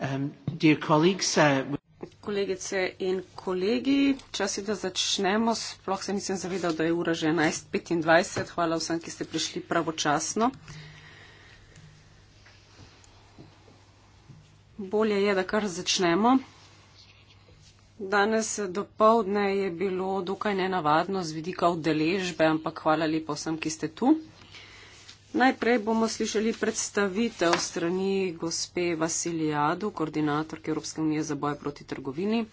Um, dear colleagues, uh, Kolegice in kolegi, čas je, da začnemo. Sploh se nisem zavedal, da je ura že 11.25. Hvala vsem, ki ste prišli pravočasno. Bolje je, da kar začnemo. Danes do povdne je bilo dokaj nenavadno z vidika udeležbe, ampak hvala lepo vsem, ki ste tu. Najprej bomo slišali predstavitev strani gospe Vasilijadu, koordinatorke Evropske unije za boj proti trgovini.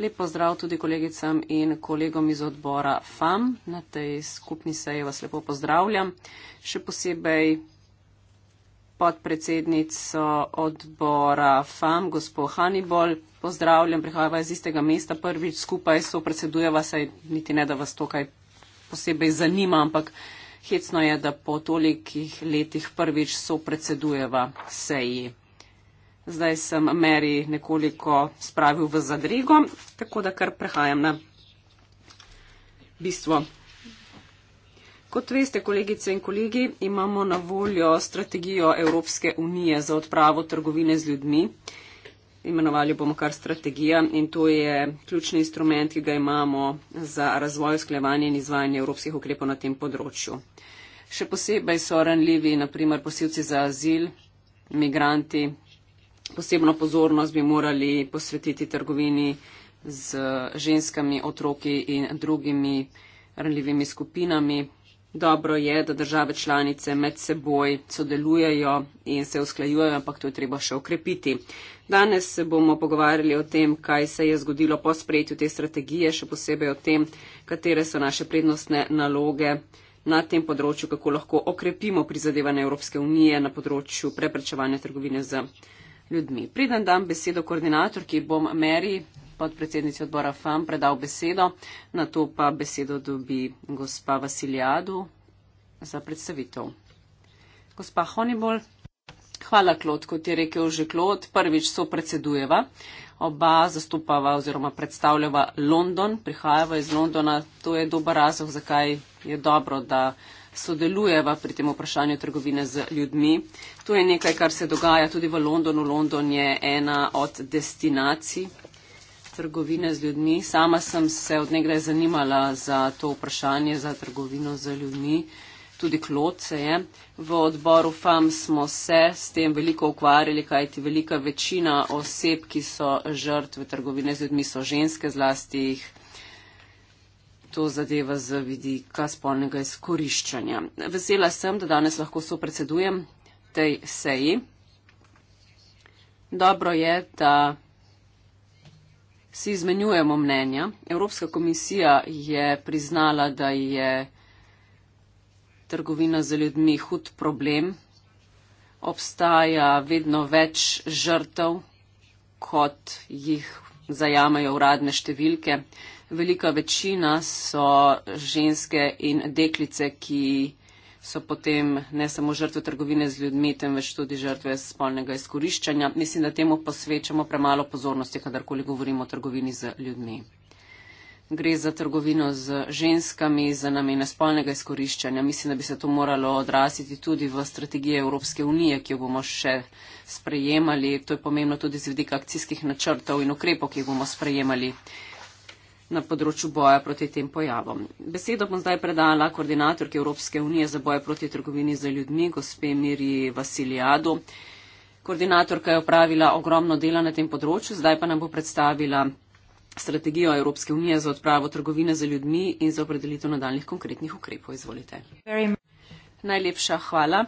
Lep pozdrav tudi kolegicam in kolegom iz odbora FAM. Na tej skupni seji vas lepo pozdravljam. Še posebej podpredsednico odbora FAM, gospod Hannibal. Pozdravljam, prihajava iz istega mesta, prvič skupaj so predsedujeva, saj niti ne, da vas to kaj posebej zanima, ampak. Hecno je, da po tolikih letih prvič so predsedujeva seji. Zdaj sem Mary nekoliko spravil v zadrigo, tako da kar prehajam na bistvo. Kot veste, kolegice in kolegi, imamo na voljo strategijo Evropske unije za odpravo trgovine z ljudmi, imenovali bomo kar strategija in to je ključni instrument, ki ga imamo za razvoj, sklevanje in izvajanje evropskih ukrepov na tem področju. Še posebej so ranljivi, naprimer, posilci za azil, migranti. Posebno pozornost bi morali posvetiti trgovini z ženskami, otroki in drugimi ranljivimi skupinami. Dobro je, da države članice med seboj sodelujejo in se usklajujejo, ampak to je treba še okrepiti. Danes se bomo pogovarjali o tem, kaj se je zgodilo po sprejetju te strategije, še posebej o tem, katere so naše prednostne naloge na tem področju, kako lahko okrepimo prizadevanje Evropske unije na področju preprečevanja trgovine z ljudmi. Pridem dam besedo koordinatorki, bom Meri podpredsednici odbora FAM predal besedo, na to pa besedo dobi gospa Vasiljadu za predstavitev. Gospa Honibol. Hvala, Klod, kot je rekel že Klod. Prvič so predsedujeva. Oba zastopava oziroma predstavljava London, prihajava iz Londona. To je dober razlog, zakaj je dobro, da sodelujeva pri tem vprašanju trgovine z ljudmi. To je nekaj, kar se dogaja tudi v Londonu. London je ena od destinacij trgovine z ljudmi. Sama sem se odnegdaj zanimala za to vprašanje, za trgovino z ljudmi, tudi klotce je. V odboru FAM smo se s tem veliko ukvarjali, kajti velika večina oseb, ki so žrtve trgovine z ljudmi, so ženske, zlasti jih to zadeva z vidika spolnega izkoriščanja. Vesela sem, da danes lahko sopredsedujem tej seji. Dobro je, da si izmenjujemo mnenja. Evropska komisija je priznala, da je trgovina z ljudmi hud problem. Obstaja vedno več žrtev, kot jih zajamajo uradne številke. Velika večina so ženske in deklice, ki so potem ne samo žrtve trgovine z ljudmi, temveč tudi žrtve spolnega izkoriščanja. Mislim, da temu posvečamo premalo pozornosti, kadarkoli govorimo o trgovini z ljudmi. Gre za trgovino z ženskami, za namene spolnega izkoriščanja. Mislim, da bi se to moralo odrasiti tudi v strategiji Evropske unije, ki jo bomo še sprejemali. To je pomembno tudi z vidika akcijskih načrtov in ukrepov, ki jih bomo sprejemali na področju boja proti tem pojavom. Besedo bom zdaj predala koordinatorki Evropske unije za boj proti trgovini za ljudmi, gospe Miri Vasiljadu. Koordinatorka je opravila ogromno dela na tem področju, zdaj pa nam bo predstavila strategijo Evropske unije za odpravo trgovine za ljudmi in za opredelitev nadaljnih konkretnih ukrepov. Izvolite. Najlepša hvala.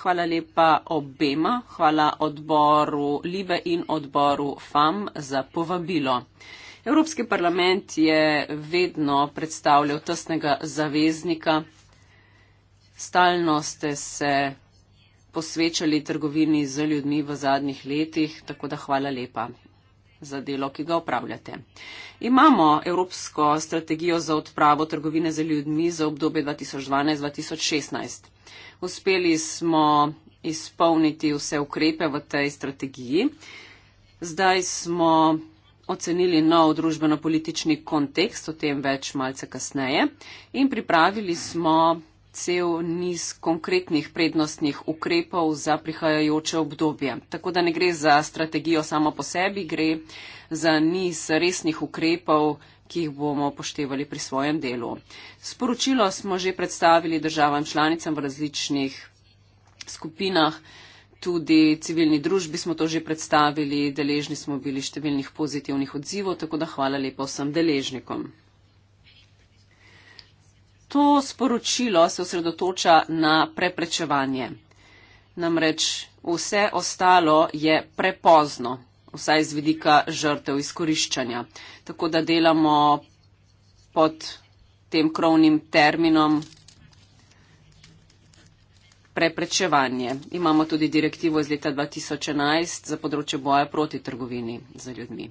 Hvala lepa obema. Hvala odboru Libe in odboru FAM za povabilo. Evropski parlament je vedno predstavljal tesnega zaveznika. Stalno ste se posvečali trgovini z ljudmi v zadnjih letih, tako da hvala lepa za delo, ki ga upravljate. Imamo Evropsko strategijo za odpravo trgovine z ljudmi za obdobje 2012-2016. Uspeli smo izpolniti vse ukrepe v tej strategiji. Zdaj smo ocenili nov družbeno-politični kontekst, o tem več malce kasneje, in pripravili smo cel niz konkretnih prednostnih ukrepov za prihajajoče obdobje. Tako da ne gre za strategijo samo po sebi, gre za niz resnih ukrepov, ki jih bomo poštevali pri svojem delu. Sporočilo smo že predstavili državam članicam v različnih skupinah tudi civilni družbi smo to že predstavili, deležni smo bili številnih pozitivnih odzivov, tako da hvala lepa vsem deležnikom. To sporočilo se osredotoča na preprečevanje. Namreč vse ostalo je prepozno, vsaj z vidika žrtev izkoriščanja. Tako da delamo pod tem krovnim terminom preprečevanje. Imamo tudi direktivo iz leta 2011 za področje boja proti trgovini za ljudmi.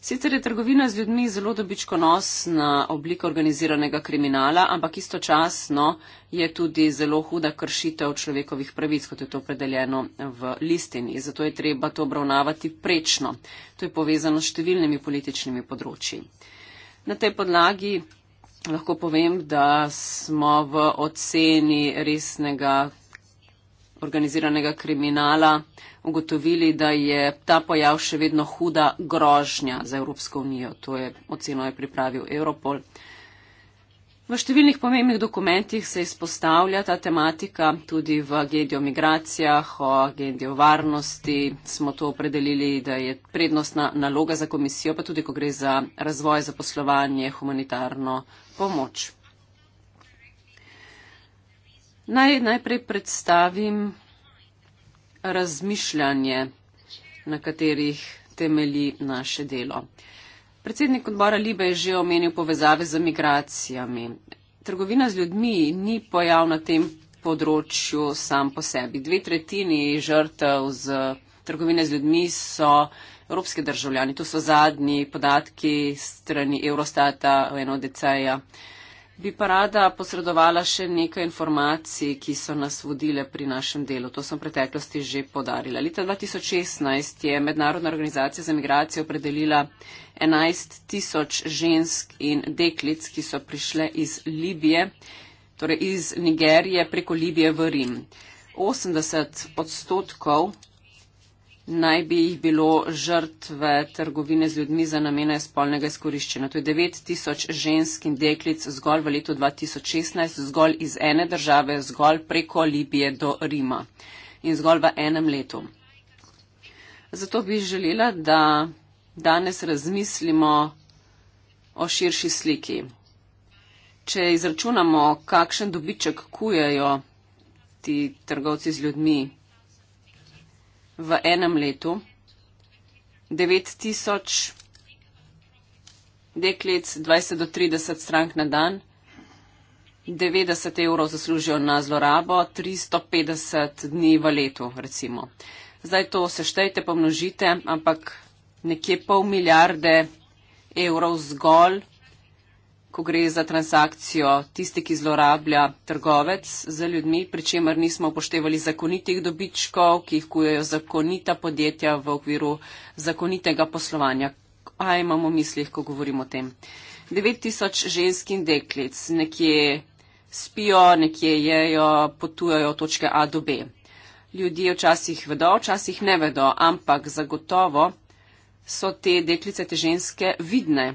Sicer je trgovina z ljudmi zelo dobičkonosna oblika organiziranega kriminala, ampak istočasno je tudi zelo huda kršitev človekovih pravic, kot je to opredeljeno v listini. Zato je treba to obravnavati prečno. To je povezano s številnimi političnimi področji. Na tej podlagi lahko povem, da smo v oceni resnega organiziranega kriminala ugotovili, da je ta pojav še vedno huda grožnja za Evropsko unijo. To je oceno je pripravil Europol. V številnih pomembnih dokumentih se izpostavlja ta tematika, tudi v agendi o migracijah, o agendi o varnosti smo to opredelili, da je prednostna naloga za komisijo, pa tudi ko gre za razvoj, zaposlovanje, humanitarno pomoč. Naj najprej predstavim razmišljanje, na katerih temelji naše delo. Predsednik odbora Libe je že omenil povezave z migracijami. Trgovina z ljudmi ni pojav na tem področju sam po sebi. Dve tretjini žrtev z trgovine z ljudmi so evropske državljani. To so zadnji podatki strani Eurostata, UNODC-ja. Bi pa rada posredovala še nekaj informacij, ki so nas vodile pri našem delu. To sem v preteklosti že podarila. Leta 2016 je Mednarodna organizacija za migracijo opredelila 11 tisoč žensk in deklic, ki so prišle iz Libije, torej iz Nigerije preko Libije v Rim. 80 odstotkov naj bi jih bilo žrtve trgovine z ljudmi za namene spolnega izkoriščenja. To je 9000 žensk in deklic zgolj v letu 2016, zgolj iz ene države, zgolj preko Libije do Rima in zgolj v enem letu. Zato bi želela, da danes razmislimo o širši sliki. Če izračunamo, kakšen dobiček kujejo ti trgovci z ljudmi, v enem letu. 9000 deklic, 20 do 30 strank na dan, 90 evrov zaslužijo na zlorabo, 350 dni v letu, recimo. Zdaj to seštejte, pomnožite, ampak nekje pol milijarde evrov zgolj ko gre za transakcijo tisti, ki zlorablja trgovec za ljudmi, pri čemer nismo upoštevali zakonitih dobičkov, ki jih kujejo zakonita podjetja v okviru zakonitega poslovanja. Kaj imamo v mislih, ko govorimo o tem? 9000 žensk in deklic nekje spijo, nekje jejo, potujejo od točke A do B. Ljudje včasih vedo, včasih ne vedo, ampak zagotovo so te deklice, te ženske vidne,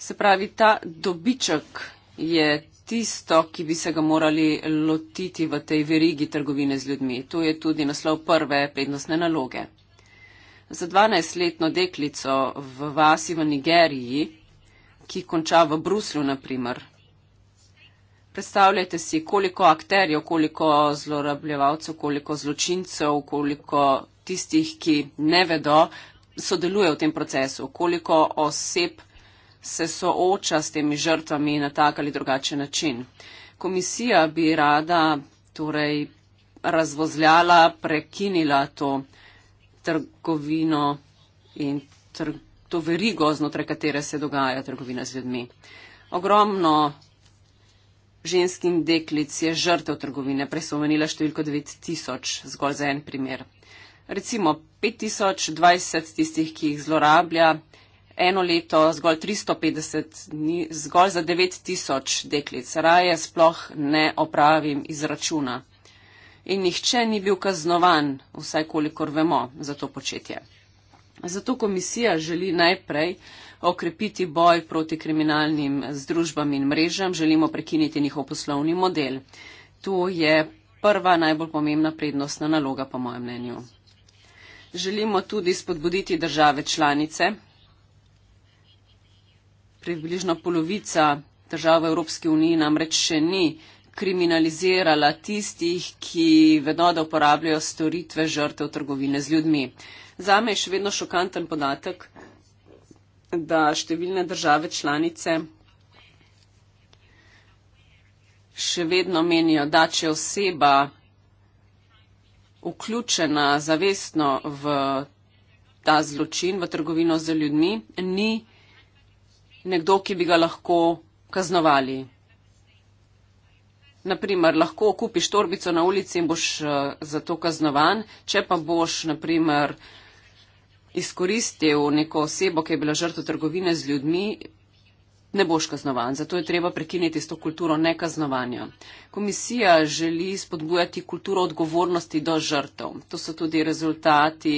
Se pravi, ta dobiček je tisto, ki bi se ga morali lotiti v tej verigi trgovine z ljudmi. To je tudi naslov prve prednostne naloge. Za 12-letno deklico v vasi v Nigeriji, ki konča v Bruslju, naprimer, predstavljajte si, koliko akterjev, koliko zlorabljevalcev, koliko zločincev, koliko tistih, ki ne vedo, sodeluje v tem procesu, koliko oseb se sooča s temi žrtvami na tak ali drugačen način. Komisija bi rada torej razvozljala, prekinila to trgovino in tr to verigo, znotraj katere se dogaja trgovina z ljudmi. Ogromno ženskim deklic je žrtev trgovine presomenila številko 9000, zgolj za en primer. Recimo 5020 tistih, ki jih zlorablja, eno leto zgolj 350 dni, zgolj za 9000 deklic. Raje sploh ne opravim izračuna. In nihče ni bil kaznovan, vsaj kolikor vemo, za to početje. Zato komisija želi najprej okrepiti boj proti kriminalnim združbam in mrežam, želimo prekiniti njihov poslovni model. To je prva najbolj pomembna prednostna naloga, po mojem mnenju. Želimo tudi spodbuditi države članice, približno polovica držav Evropske unije namreč še ni kriminalizirala tistih, ki vedo, da uporabljajo storitve žrtev trgovine z ljudmi. Zame je še vedno šokanten podatek, da številne države članice še vedno menijo, da če oseba vključena zavestno v ta zločin, v trgovino z ljudmi, ni kriminalizirala nekdo, ki bi ga lahko kaznovali. Naprimer, lahko kupiš torbico na ulici in boš eh, za to kaznovan, če pa boš, naprimer, izkoristil neko osebo, ki je bila žrtva trgovine z ljudmi, ne boš kaznovan. Zato je treba prekiniti s to kulturo nekaznovanja. Komisija želi spodbujati kulturo odgovornosti do žrtev. To so tudi rezultati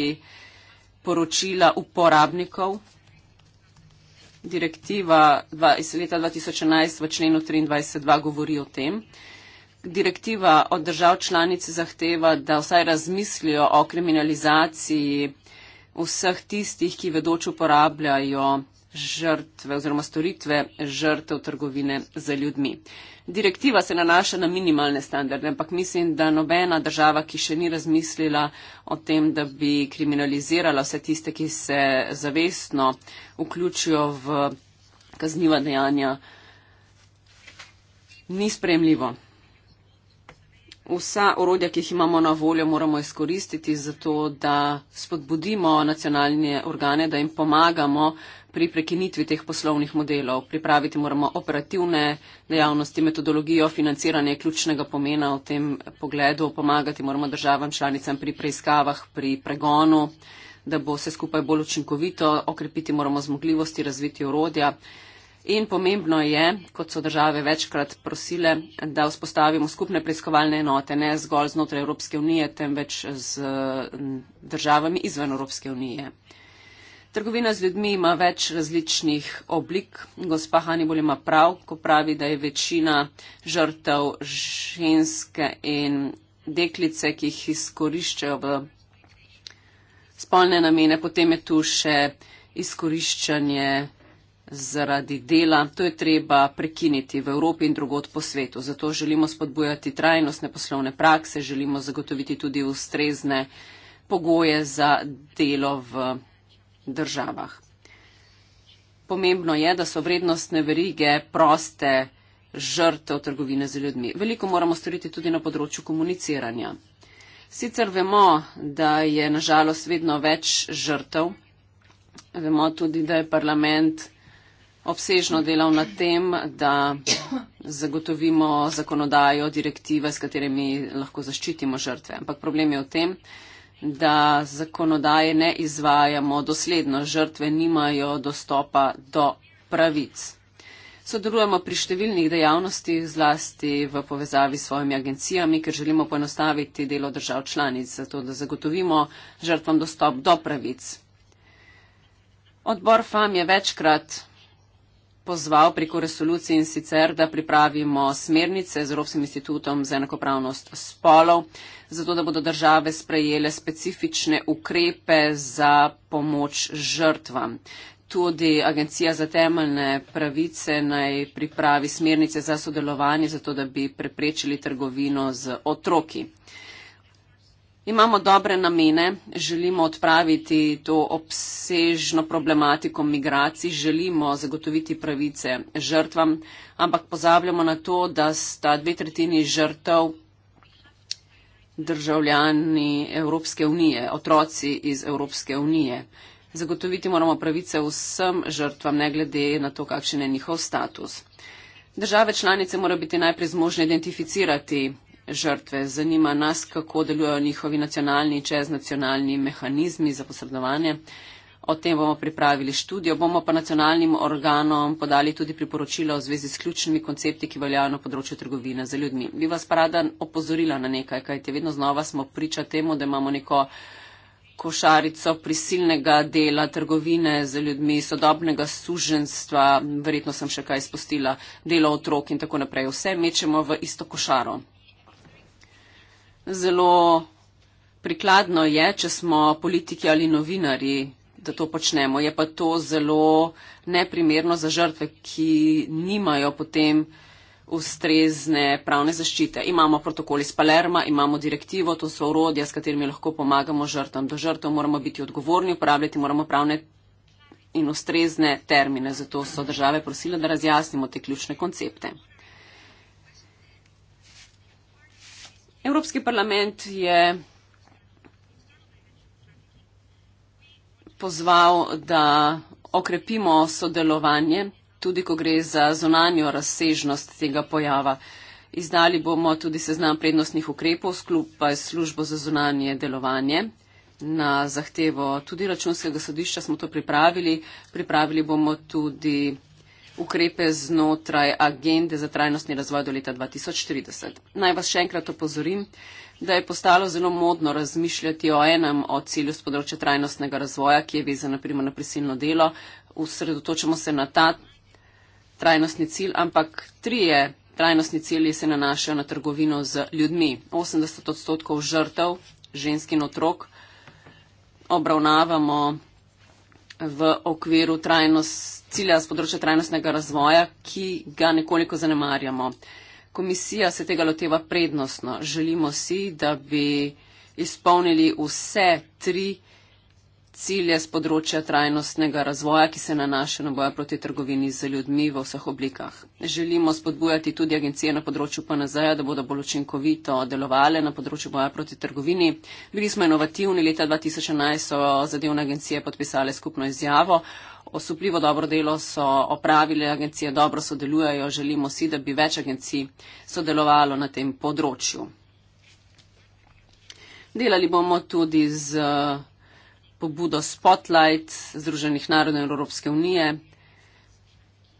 poročila uporabnikov direktiva iz leta 2011 v členu 23.2 govori o tem. Direktiva od držav članice zahteva, da vsaj razmislijo o kriminalizaciji vseh tistih, ki vedoč uporabljajo žrtve oziroma storitve žrtev trgovine z ljudmi. Direktiva se nanaša na minimalne standarde, ampak mislim, da nobena država, ki še ni razmislila o tem, da bi kriminalizirala vse tiste, ki se zavestno vključijo v kazniva dejanja, ni spremljivo. Vsa orodja, ki jih imamo na voljo, moramo izkoristiti zato, da spodbudimo nacionalne organe, da jim pomagamo pri prekinitvi teh poslovnih modelov. Pripraviti moramo operativne dejavnosti, metodologijo, financiranje ključnega pomena v tem pogledu, pomagati moramo državam članicam pri preiskavah, pri pregonu, da bo vse skupaj bolj učinkovito, okrepiti moramo zmogljivosti, razviti urodja. In pomembno je, kot so države večkrat prosile, da vzpostavimo skupne preiskovalne enote, ne zgolj znotraj Evropske unije, temveč z državami izven Evropske unije. Trgovina z ljudmi ima več različnih oblik. Gospa Hannibal ima prav, ko pravi, da je večina žrtev ženske in deklice, ki jih izkoriščajo v spolne namene. Potem je tu še izkoriščanje zaradi dela. To je treba prekiniti v Evropi in drugod po svetu. Zato želimo spodbujati trajnostne poslovne prakse, želimo zagotoviti tudi ustrezne pogoje za delo v državah. Pomembno je, da so vrednostne verige proste žrtev trgovine z ljudmi. Veliko moramo storiti tudi na področju komuniciranja. Sicer vemo, da je nažalost vedno več žrtev, vemo tudi, da je parlament obsežno delal na tem, da zagotovimo zakonodajo, direktive, s katerimi lahko zaščitimo žrtve. Ampak problem je v tem, da zakonodaje ne izvajamo dosledno, žrtve nimajo dostopa do pravic. Sodelujemo pri številnih dejavnostih, zlasti v povezavi s svojimi agencijami, ker želimo poenostaviti delo držav članic, zato da zagotovimo žrtvam dostop do pravic. Odbor FAM je večkrat pozval preko resolucije in sicer, da pripravimo smernice z Evropskim institutom za enakopravnost spolov, zato da bodo države sprejele specifične ukrepe za pomoč žrtvam. Tudi Agencija za temeljne pravice naj pripravi smernice za sodelovanje, zato da bi preprečili trgovino z otroki. Imamo dobre namene, želimo odpraviti to obsežno problematiko migracij, želimo zagotoviti pravice žrtvam, ampak pozabljamo na to, da sta dve tretjini žrtev državljani Evropske unije, otroci iz Evropske unije. Zagotoviti moramo pravice vsem žrtvam, ne glede na to, kakšen je njihov status. Države članice morajo biti najprej zmožne identificirati žrtve. Zanima nas, kako delujejo njihovi nacionalni in čeznacionalni mehanizmi za posredovanje. O tem bomo pripravili študijo, bomo pa nacionalnim organom podali tudi priporočila v zvezi s ključnimi koncepti, ki veljajo na področju trgovine za ljudmi. Bi vas pa rada opozorila na nekaj, kajte vedno znova smo priča temu, da imamo neko košarico prisilnega dela trgovine z ljudmi, sodobnega suženstva, verjetno sem še kaj spustila, delo otrok in tako naprej. Vse mečemo v isto košaro zelo prikladno je, če smo politiki ali novinari, da to počnemo. Je pa to zelo neprimerno za žrtve, ki nimajo potem ustrezne pravne zaščite. Imamo protokol iz Palerma, imamo direktivo, to so orodja, s katerimi lahko pomagamo žrtvam. Do žrtev moramo biti odgovorni, uporabljati moramo pravne in ustrezne termine. Zato so države prosile, da razjasnimo te ključne koncepte. Evropski parlament je pozval, da okrepimo sodelovanje, tudi ko gre za zonanjo razsežnost tega pojava. Izdali bomo tudi seznam prednostnih ukrepov skupa s službo za zonanje delovanje. Na zahtevo tudi računskega sodišča smo to pripravili. Pripravili bomo tudi ukrepe znotraj agende za trajnostni razvoj do leta 2040. Naj vas še enkrat opozorim, da je postalo zelo modno razmišljati o enem od ciljev z področja trajnostnega razvoja, ki je vezan naprimer na prisilno delo. Usredotočamo se na ta trajnostni cilj, ampak trije trajnostni cilji se nanašajo na trgovino z ljudmi. 80 odstotkov žrtev, ženski in otrok, obravnavamo v okviru trajnost, cilja z področja trajnostnega razvoja, ki ga nekoliko zanemarjamo. Komisija se tega loteva prednostno. Želimo si, da bi izpolnili vse tri cilje z področja trajnostnega razvoja, ki se nanaša na boja proti trgovini z ljudmi v vseh oblikah. Želimo spodbujati tudi agencije na področju PNZ-ja, da bodo bolj učinkovito delovale na področju boja proti trgovini. Bili smo inovativni, leta 2011 so zadevne agencije podpisale skupno izjavo. Osupljivo dobro delo so opravile, agencije dobro sodelujejo, želimo si, da bi več agencij sodelovalo na tem področju. Delali bomo tudi z pobudo Spotlight Združenih narodov Evropske unije.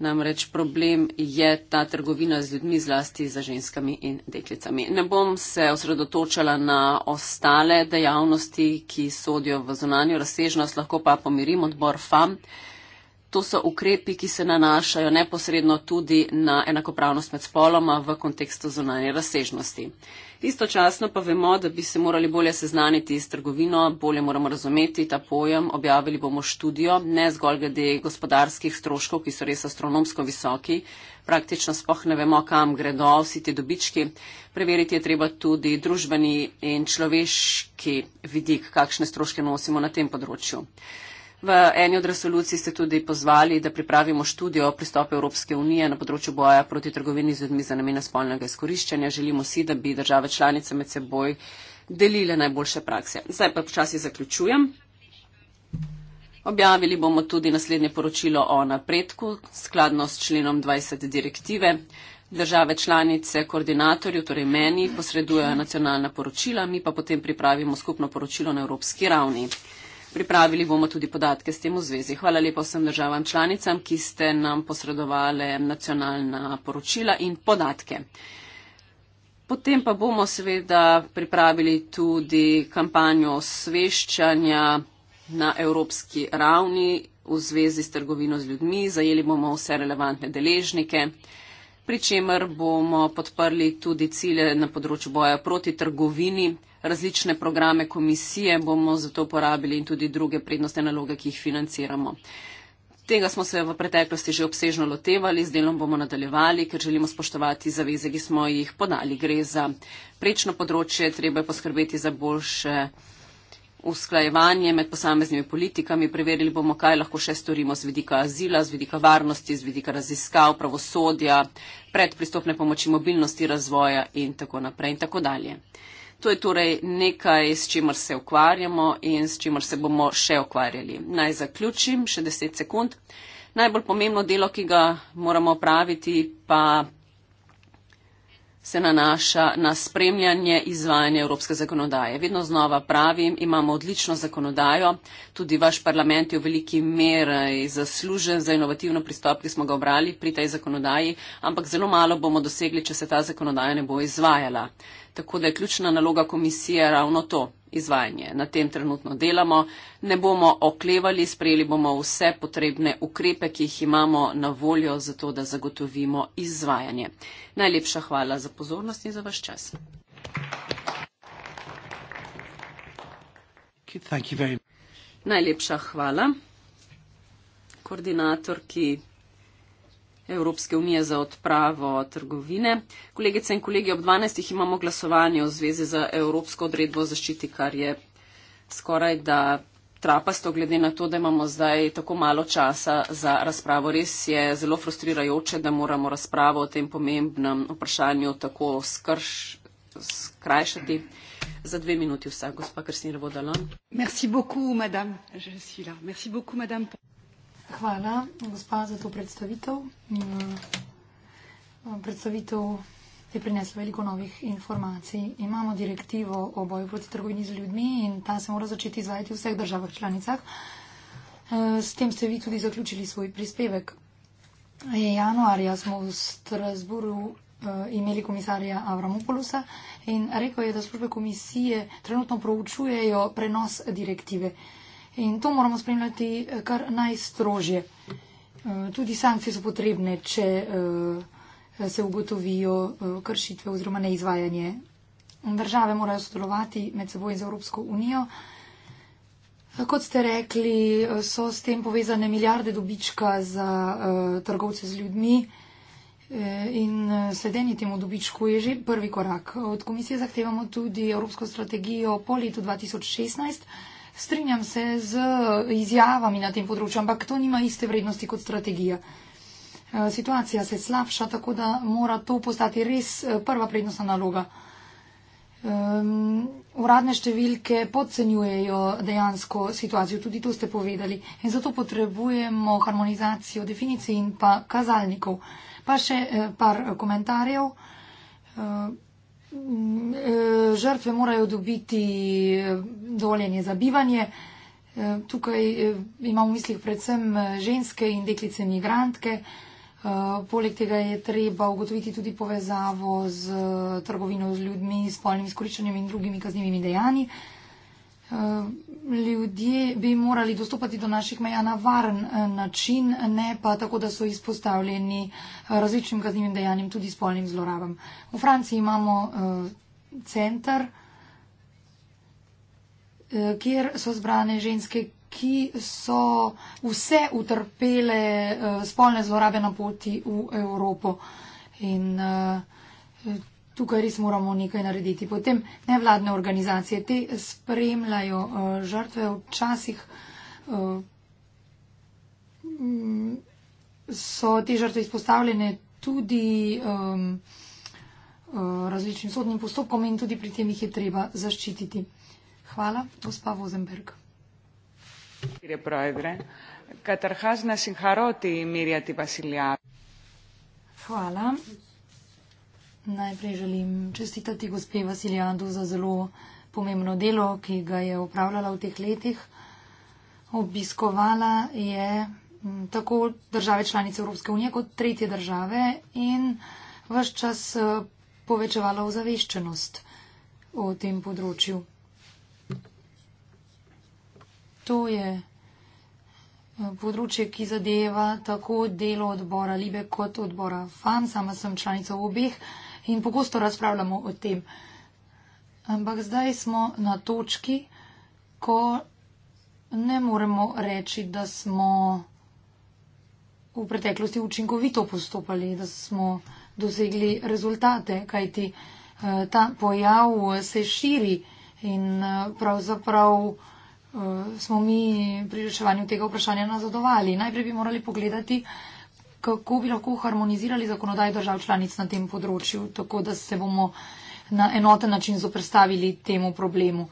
Namreč problem je ta trgovina z ljudmi, zlasti za ženskami in deklicami. Ne bom se osredotočala na ostale dejavnosti, ki sodijo v zunanjo razsežnost, lahko pa pomirim odbor FAM. To so ukrepi, ki se nanašajo neposredno tudi na enakopravnost med spoloma v kontekstu zunanje razsežnosti. Istočasno pa vemo, da bi se morali bolje seznaniti s trgovino, bolje moramo razumeti ta pojem, objavili bomo študijo, ne zgolj glede gospodarskih stroškov, ki so res astronomsko visoki, praktično spoh ne vemo, kam gredo vsi ti dobički. Preveriti je treba tudi družbeni in človeški vidik, kakšne stroške nosimo na tem področju. V eni od resolucij ste tudi pozvali, da pripravimo študijo o pristopu Evropske unije na področju boja proti trgovini z ljudmi za namene spolnega izkoriščanja. Želimo si, da bi države članice med seboj delile najboljše prakse. Zdaj pa počasi zaključujem. Objavili bomo tudi naslednje poročilo o napredku skladno s členom 20 direktive. Države članice, koordinatorju, torej meni, posredujejo nacionalna poročila, mi pa potem pripravimo skupno poročilo na evropski ravni. Pripravili bomo tudi podatke s tem v zvezi. Hvala lepa vsem državam članicam, ki ste nam posredovali nacionalna poročila in podatke. Potem pa bomo seveda pripravili tudi kampanjo osveščanja na evropski ravni v zvezi s trgovino z ljudmi. Zajeli bomo vse relevantne deležnike, pri čemer bomo podprli tudi cilje na področju boja proti trgovini različne programe komisije, bomo zato uporabili in tudi druge prednostne naloge, ki jih financiramo. Tega smo se v preteklosti že obsežno lotevali, z delom bomo nadaljevali, ker želimo spoštovati zaveze, ki smo jih podali. Gre za prečno področje, treba je poskrbeti za boljše usklajevanje med posameznimi politikami. Preverili bomo, kaj lahko še storimo z vidika azila, z vidika varnosti, z vidika raziskav, pravosodja, predpristopne pomoči, mobilnosti, razvoja in tako naprej in tako dalje. To je torej nekaj, s čimer se ukvarjamo in s čimer se bomo še ukvarjali. Naj zaključim, še 10 sekund. Najbolj pomembno delo, ki ga moramo praviti, pa se nanaša na spremljanje izvajanja evropske zakonodaje. Vedno znova pravim, imamo odlično zakonodajo, tudi vaš parlament je v veliki meri zaslužen za inovativno pristop, ki smo ga obrali pri tej zakonodaji, ampak zelo malo bomo dosegli, če se ta zakonodaja ne bo izvajala. Tako da je ključna naloga komisije ravno to izvajanje. Na tem trenutno delamo, ne bomo oklevali, sprejeli bomo vse potrebne ukrepe, ki jih imamo na voljo, zato da zagotovimo izvajanje. Najlepša hvala za pozornost in za vaš čas. Najlepša hvala koordinatorki. Evropske unije za odpravo trgovine. Kolegice in kolegi, ob 12. imamo glasovanje v zvezi z Evropsko odredbo zaščiti, kar je skoraj da trapasto, glede na to, da imamo zdaj tako malo časa za razpravo. Res je zelo frustrirajoče, da moramo razpravo o tem pomembnem vprašanju tako skrš, skrajšati. Za dve minuti vsa, gospa Krstin Vodalon. Merci beaucoup, madame. Je suis là. Merci beaucoup, madame. Hvala, gospa, za to predstavitev. Eh, predstavitev je prinesla veliko novih informacij. Imamo direktivo o boju proti trgovini z ljudmi in ta se mora začeti izvajati v vseh državah članicah. Eh, s tem ste vi tudi zaključili svoj prispevek. Je januarja smo v Strasburu eh, imeli komisarja Avramopolusa in rekel je, da službe komisije trenutno proučujejo prenos direktive. In to moramo spremljati eh, kar najstrožje. Eh, tudi sankcije so potrebne, če eh, se ugotovijo kršitve oziroma neizvajanje. Države morajo sodelovati med seboj in z Evropsko unijo. Kot ste rekli, so s tem povezane milijarde dobička za trgovce z ljudmi in sledenje temu dobičku je že prvi korak. Od komisije zahtevamo tudi Evropsko strategijo po letu 2016 Strinjam se z izjavami na tem področju, ampak to nima iste vrednosti kot strategija. Eh, situacija se slabša, tako da mora to postati res eh, prva prednostna naloga. Um, uradne številke podcenjujejo dejansko situacijo, tudi to ste povedali. In zato potrebujemo harmonizacijo definicij in pa kazalnikov. Pa še eh, par komentarjev. Uh, žrtve morajo dobiti eh, dovoljenje za bivanje. Eh, tukaj eh, imam v mislih predvsem ženske in deklice migrantke. Poleg tega je treba ugotoviti tudi povezavo z trgovino z ljudmi, spolnim izkoriščanjem in drugimi kaznjivimi dejanji. Ehm, ljudje bi morali dostopati do naših meja na varen eh, način, ne pa tako, da so izpostavljeni eh, različnim kaznjivim dejanjem, tudi spolnim zlorabam. V Franciji imamo eh, center, kjer so zbrane ženske ki so vse utrpele spolne zlorabe na poti v Evropo. In tukaj res moramo nekaj narediti. Potem nevladne organizacije te spremljajo uh, žrtve včasih. Uh, so te žrtve izpostavljene tudi um, različnim sodnim postopkom in tudi pri tem jih je treba zaščititi. Hvala, gospa Vozenberg. Hvala. Najprej želim čestitati gospe Vasiljandu za zelo pomembno delo, ki ga je upravljala v teh letih. Obiskovala je tako države članice Evropske unije kot tretje države in vse čas eh, povečevala ozaveščenost o tem področju. To je eh, področje, ki zadeva tako delo odbora Libe kot odbora FAN. Sama sem članica obeh in pogosto razpravljamo o tem. Ampak zdaj smo na točki, ko ne moremo reči, da smo v preteklosti učinkovito postopali, da smo dosegli rezultate, kajti eh, ta pojav se širi in eh, pravzaprav eh, smo mi pri reševanju tega vprašanja nazadovali. Najprej bi morali pogledati, kako bi lahko harmonizirali zakonodaj držav članic na tem področju, tako da se bomo na enoten način zoprstavili temu problemu.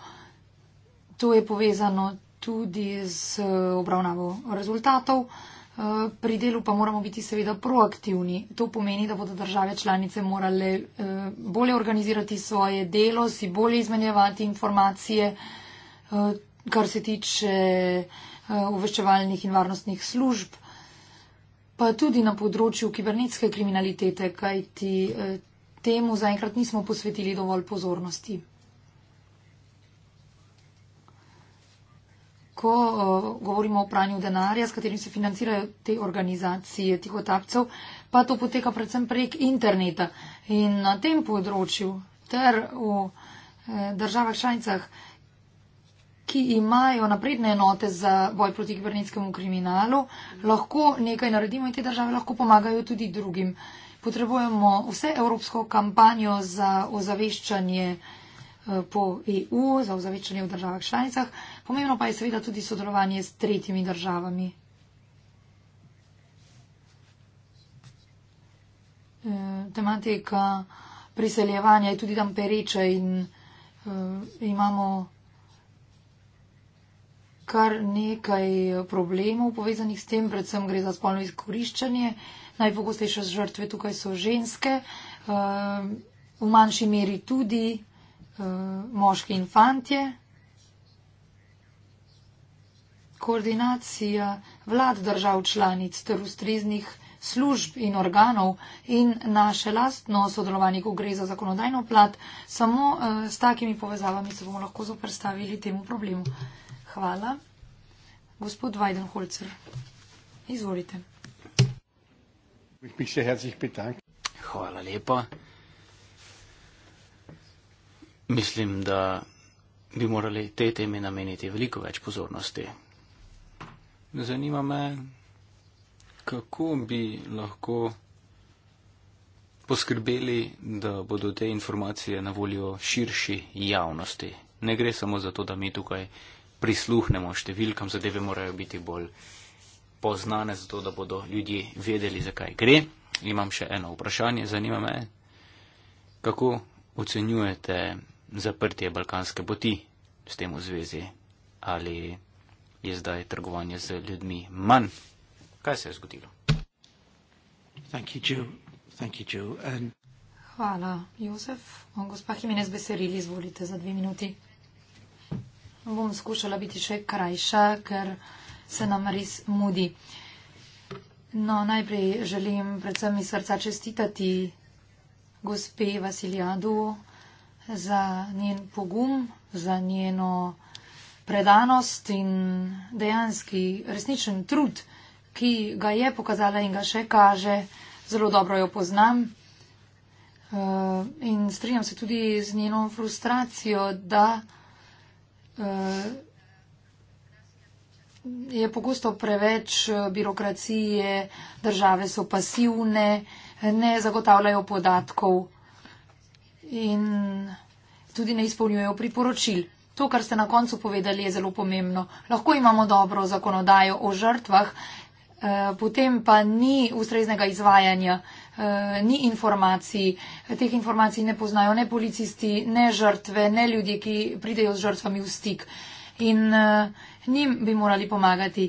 To je povezano tudi z obravnavo rezultatov. Eh, pri delu pa moramo biti seveda proaktivni. To pomeni, da bodo države članice morale eh, bolje organizirati svoje delo, si bolje izmenjevati informacije, eh, kar se tiče uveščevalnih in varnostnih služb pa tudi na področju kibernetske kriminalitete, kajti eh, temu zaenkrat nismo posvetili dovolj pozornosti. Ko uh, govorimo o pranju denarja, s katerim se financirajo te organizacije tihotapcev, pa to poteka predvsem prek interneta. In na tem področju ter v eh, državah članicah, ki imajo napredne enote za boj proti kibernetskemu kriminalu, lahko nekaj naredimo in te države lahko pomagajo tudi drugim. Potrebujemo vse evropsko kampanjo za ozaveščanje eh, po EU, za ozaveščanje v državah članicah. Pomembno pa je seveda tudi sodelovanje s tretjimi državami. Eh, tematika priseljevanja je tudi tam pereča in eh, imamo kar nekaj problemov povezanih s tem, predvsem gre za spolno izkoriščanje. Najpogostejše žrtve tukaj so ženske, eh, v manjši meri tudi eh, moški in fantje. Koordinacija vlad držav članic ter ustreznih služb in organov in naše lastno sodelovanje, ko gre za zakonodajno plat, samo eh, s takimi povezavami se bomo lahko zoprstavili temu problemu. Hvala. Gospod Weidenholzer, izvolite. Hvala lepa. Mislim, da bi morali te teme nameniti veliko več pozornosti. Zanima me, kako bi lahko poskrbeli, da bodo te informacije na voljo širši javnosti. Ne gre samo za to, da mi tukaj prisluhnemo številkam, zadeve morajo biti bolj poznane, zato da bodo ljudje vedeli, zakaj gre. Imam še eno vprašanje, zanima me, kako ocenjujete zaprtje balkanske poti s tem v zvezi? Ali je zdaj trgovanje z ljudmi manj? Kaj se je zgodilo? Thank you, Thank you, Joe. And... Hvala, Jozef. Gospa Jimenez Beserili, izvolite za dve minuti bom skušala biti še krajša, ker se nam res mudi. No, najprej želim predvsem iz srca čestitati gospe Vasiljadu za njen pogum, za njeno predanost in dejanski resničen trud, ki ga je pokazala in ga še kaže. Zelo dobro jo poznam eh, in strinjam se tudi z njeno frustracijo, da Eh, je pogosto preveč eh, birokracije, države so pasivne, ne zagotavljajo podatkov in tudi ne izpolnjujejo priporočil. To, kar ste na koncu povedali, je zelo pomembno. Lahko imamo dobro zakonodajo o žrtvah, eh, potem pa ni ustreznega izvajanja. Eh, ni informacij, teh informacij ne poznajo ne policisti, ne žrtve, ne ljudje, ki pridejo z žrtvami v stik. In uh, njim bi morali pomagati.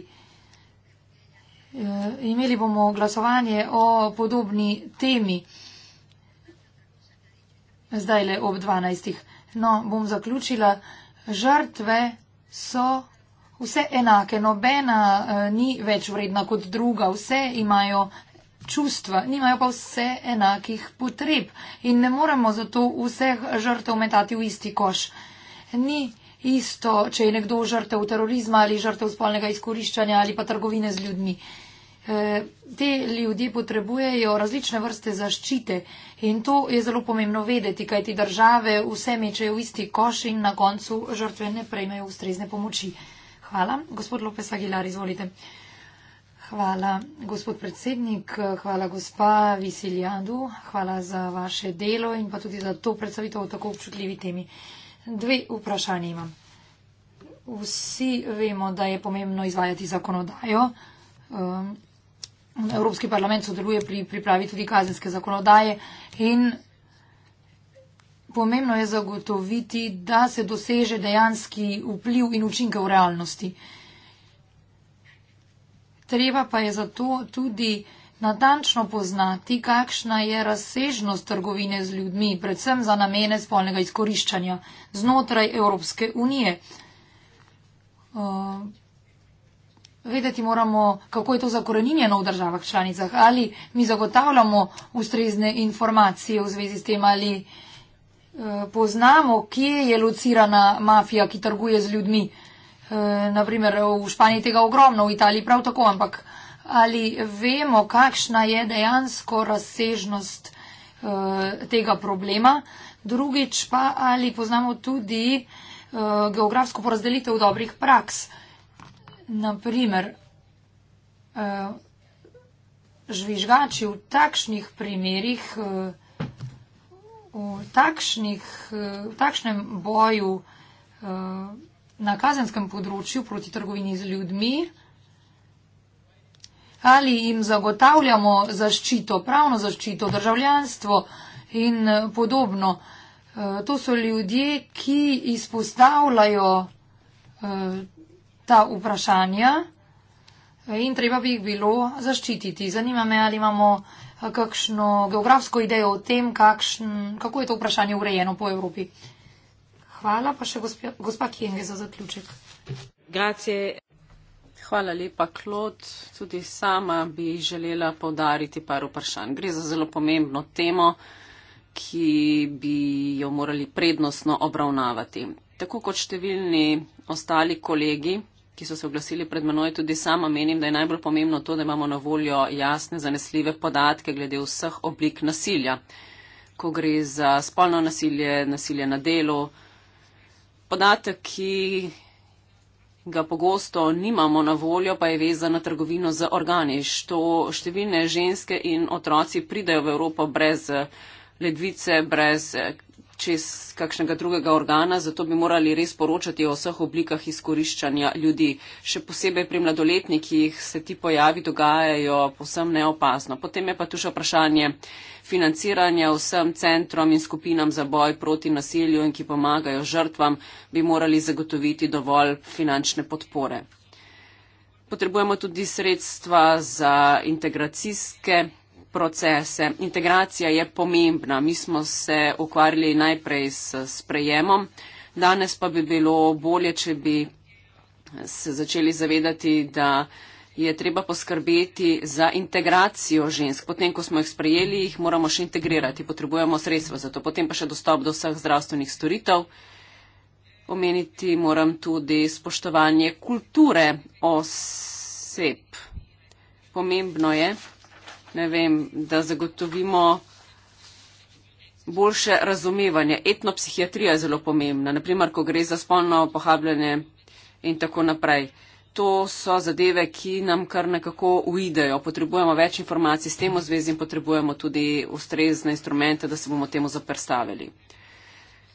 Uh, imeli bomo glasovanje o podobni temi. Zdaj le ob 12. No, bom zaključila. Žrtve so vse enake, nobena uh, ni več vredna kot druga. Vse imajo čustva, nimajo pa vse enakih potreb in ne moremo zato vseh žrtev metati v isti koš. Ni isto, če je nekdo žrtev terorizma ali žrtev spolnega izkoriščanja ali pa trgovine z ljudmi. E, te ljudje potrebujejo različne vrste zaščite in to je zelo pomembno vedeti, kaj ti države vse mečejo v isti koš in na koncu žrtve ne prejmejo ustrezne pomoči. Hvala. Gospod Lopes Aguilar, izvolite. Hvala, gospod predsednik, hvala gospa Visiljadu, hvala za vaše delo in pa tudi za to predstavitev o tako občutljivi temi. Dve vprašanje imam. Vsi vemo, da je pomembno izvajati zakonodajo. Um, Evropski parlament sodeluje pri pripravi tudi kazenske zakonodaje in pomembno je zagotoviti, da se doseže dejanski vpliv in učinke v realnosti treba pa je zato tudi natančno poznati, kakšna je razsežnost trgovine z ljudmi, predvsem za namene spolnega izkoriščanja znotraj Evropske unije. Uh, vedeti moramo, kako je to zakorenjeno v državah članicah, ali mi zagotavljamo ustrezne informacije v zvezi s tem, ali uh, poznamo, kje je locirana mafija, ki trguje z ljudmi. Uh, Eh, naprimer v Španiji tega ogromno, v Italiji prav tako, ampak ali vemo, kakšna je dejansko razsežnost eh, tega problema. Drugič pa, ali poznamo tudi eh, geografsko porazdelitev dobrih praks. Naprimer, žvižgači v takšnih primerjih, v, takšnih, v takšnem boju na kazenskem področju proti trgovini z ljudmi? Ali jim zagotavljamo zaščito, pravno zaščito, državljanstvo in eh, podobno? Eh, to so ljudje, ki izpostavljajo eh, ta vprašanja in treba bi jih bilo zaščititi. Zanima me, ali imamo kakšno geografsko idejo o tem, kakšn, kako je to vprašanje urejeno po Evropi. Hvala, pa še gospa, gospa Kienge za zaključek. Grazie. Hvala lepa, Klod. Tudi sama bi želela povdariti par vprašanj. Gre za zelo pomembno temo, ki bi jo morali prednostno obravnavati. Tako kot številni ostali kolegi, ki so se oglasili pred menoj, tudi sama menim, da je najbolj pomembno to, da imamo na voljo jasne, zanesljive podatke glede vseh oblik nasilja. Ko gre za spolno nasilje, nasilje na delu, Podatek, ki ga pogosto nimamo na voljo, pa je vezan na trgovino z organi. Što številne ženske in otroci pridejo v Evropo brez ledvice, brez čez kakšnega drugega organa, zato bi morali res poročati o vseh oblikah izkoriščanja ljudi. Še posebej pri mladoletnikih se ti pojavi dogajajo posem neopazno. Potem je pa tu še vprašanje financiranja vsem centrom in skupinam za boj proti nasilju in ki pomagajo žrtvam, bi morali zagotoviti dovolj finančne podpore. Potrebujemo tudi sredstva za integracijske procese. Integracija je pomembna. Mi smo se ukvarjali najprej s sprejemom, danes pa bi bilo bolje, če bi se začeli zavedati, da je treba poskrbeti za integracijo žensk. Potem, ko smo jih sprejeli, jih moramo še integrirati, potrebujemo sredstva za to. Potem pa še dostop do vseh zdravstvenih storitev. Omeniti moram tudi spoštovanje kulture oseb. Pomembno je, ne vem, da zagotovimo boljše razumevanje. Etnopsihiatrija je zelo pomembna, naprimer, ko gre za spolno pohabljanje in tako naprej. To so zadeve, ki nam kar nekako uidejo. Potrebujemo več informacij s tem v zvezi in potrebujemo tudi ustrezne instrumente, da se bomo temu zaprstavili.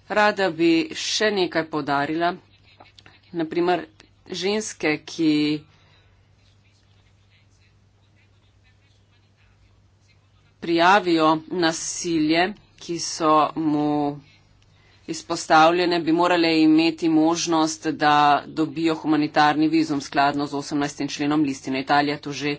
Rada bi še nekaj povdarila. Naprimer, ženske, ki. prijavijo nasilje, ki so mu izpostavljene, bi morale imeti možnost, da dobijo humanitarni vizum skladno z 18. členom listine. Italija to že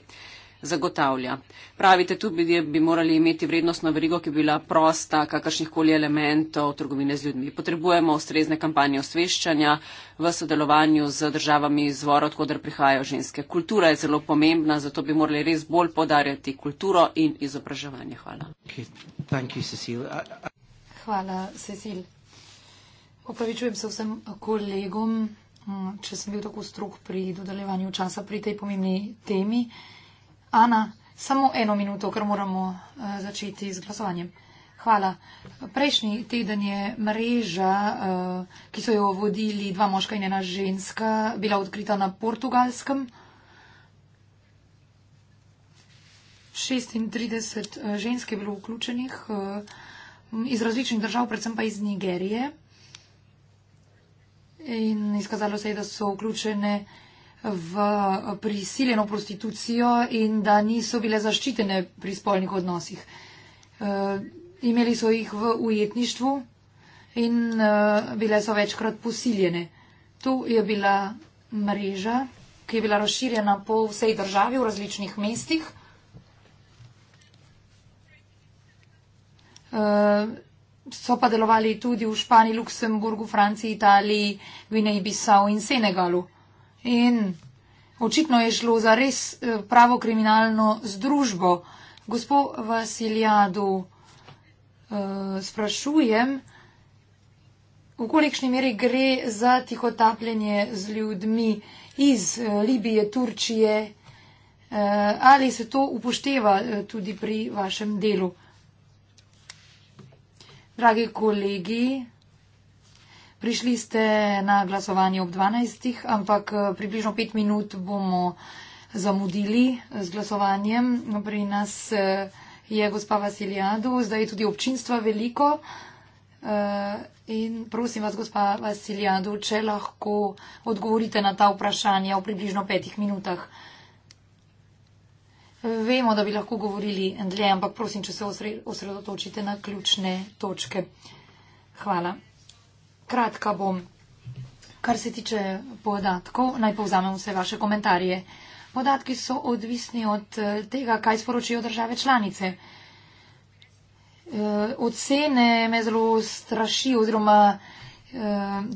zagotavlja. Pravite, tu bi morali imeti vrednostno verigo, ki bi bila prosta kakršnih koli elementov trgovine z ljudmi. Potrebujemo ustrezne kampanje osveščanja v sodelovanju z državami izvora, odkudar prihajajo ženske. Kultura je zelo pomembna, zato bi morali res bolj podarjati kulturo in izobraževanje. Hvala. Okay. You, Cecil. I, I... Hvala, Cecil. Opravičujem se vsem kolegom, hm, če sem bil tako strok pri dodeljevanju časa pri tej pomembni temi. Ana, samo eno minuto, ker moramo uh, začeti z glasovanjem. Hvala. Prejšnji teden je mreža, uh, ki so jo vodili dva moška in ena ženska, bila odkrita na portugalskem. 36 uh, eh, žensk je bilo vključenih uh, iz različnih držav, predvsem pa iz Nigerije. In izkazalo se je, da so vključene v prisiljeno prostitucijo in da niso bile zaščitene pri spolnih odnosih. Uh, imeli so jih v ujetništvu in uh, bile so večkrat posiljene. Tu je bila mreža, ki je bila razširjena po vsej državi v različnih mestih. Uh, so pa delovali tudi v Španiji, Luksemburgu, Franciji, Italiji, Gvineji, Bissau in Senegalu. In očitno je šlo za res eh, pravo kriminalno združbo. Gospod Vasiljadu, eh, sprašujem, v kolikšni meri gre za tihotapljenje z ljudmi iz eh, Libije, Turčije, ali se to upošteva tudi pri vašem delu. Dragi kolegi, Prišli ste na glasovanje ob 12, ampak eh, približno 5 minut bomo zamudili eh, z glasovanjem. Pri nas eh, je gospa Vasiljadu, zdaj je tudi občinstva veliko. In prosim vas, gospa Vasiljadu, če lahko odgovorite na ta vprašanja v približno 5 minutah. Vemo, da bi lahko govorili dlje, ampak prosim, če se osredotočite na ključne točke. Hvala kratka bom. Kar se tiče podatkov, naj povzamem vse vaše komentarje. Podatki so odvisni od eh, tega, kaj sporočijo države članice. Eh, ocene me zelo strašijo oziroma eh,